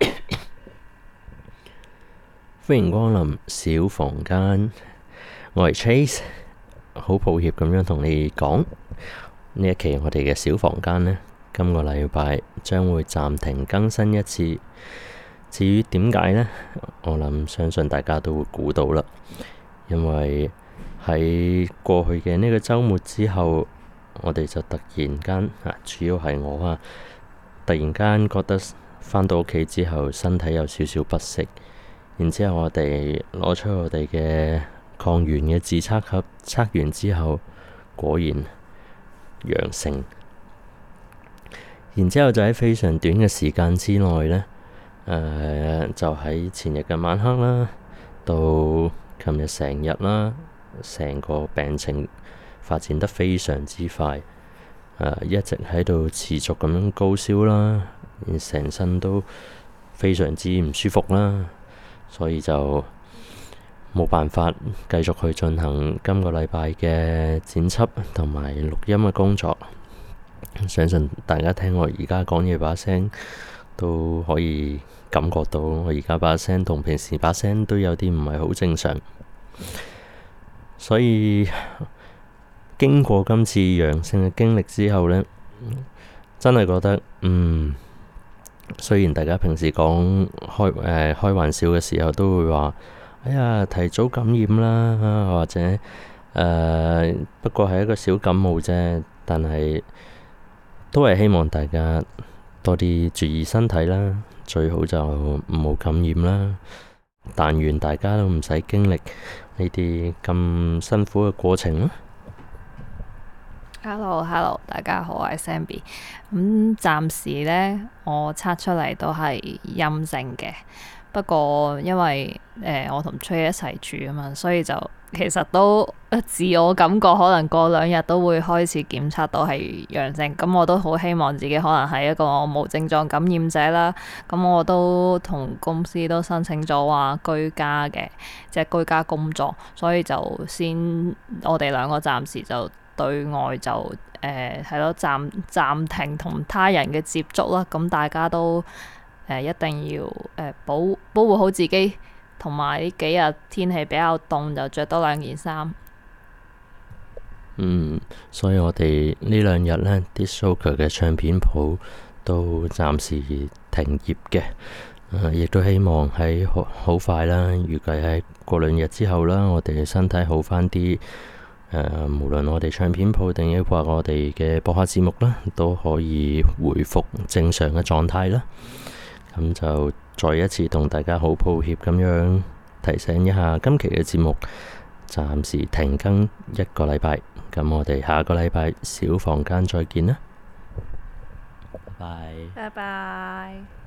歡迎光臨小房間，我係 Trace，好抱歉咁樣同你講，呢一期我哋嘅小房間呢，今個禮拜將會暫停更新一次。至於點解呢？我諗相信大家都會估到啦，因為喺過去嘅呢個周末之後，我哋就突然間啊，主要係我啊，突然間覺得。返到屋企之後，身體有少少不適，然之後我哋攞出我哋嘅抗原嘅自測盒測完之後，果然陽性。然之後就喺非常短嘅時間之內呢、呃、就喺前日嘅晚黑啦，到琴日成日啦，成個病情發展得非常之快，呃、一直喺度持續咁樣高燒啦。成身都非常之唔舒服啦，所以就冇辦法繼續去進行今個禮拜嘅剪輯同埋錄音嘅工作。相信大家聽我而家講嘢，把聲都可以感覺到我而家把聲同平時把聲都有啲唔係好正常，所以經過今次陽性嘅經歷之後呢，真係覺得嗯。雖然大家平時講開誒開玩笑嘅時候都會話：哎呀，提早感染啦，或者誒，不過係一個小感冒啫。但係都係希望大家多啲注意身體啦，最好就唔好感染啦。但願大家都唔使經歷呢啲咁辛苦嘅過程咯。Hello，Hello，Hello. 大家好，我係 Sammy。咁，嗯，暫時呢，我測出嚟都係陰性嘅。不過因為誒、呃、我同 Trace 一齊住啊嘛，所以就其實都自我感覺可能過兩日都會開始檢測到係陽性。咁、嗯、我都好希望自己可能係一個無症狀感染者啦。咁、嗯、我都同公司都申請咗話居家嘅，即係居家工作，所以就先我哋兩個暫時就。對外就誒係咯，暫暫停同他人嘅接觸啦。咁、啊、大家都誒、呃、一定要誒、呃、保保護好自己，同埋呢幾日天，天氣比較凍，就着多兩件衫。嗯，所以我哋呢兩日呢啲 DISC JOKER 嘅唱片鋪都暫時停業嘅、呃。亦都希望喺好好快啦，預計喺過兩日之後啦，我哋身體好返啲。誒，無論我哋唱片鋪定抑或我哋嘅播客節目啦，都可以回復正常嘅狀態啦。咁就再一次同大家好抱歉咁樣提醒一下，今期嘅節目暫時停更一個禮拜。咁我哋下個禮拜小房間再見啦，拜拜拜拜。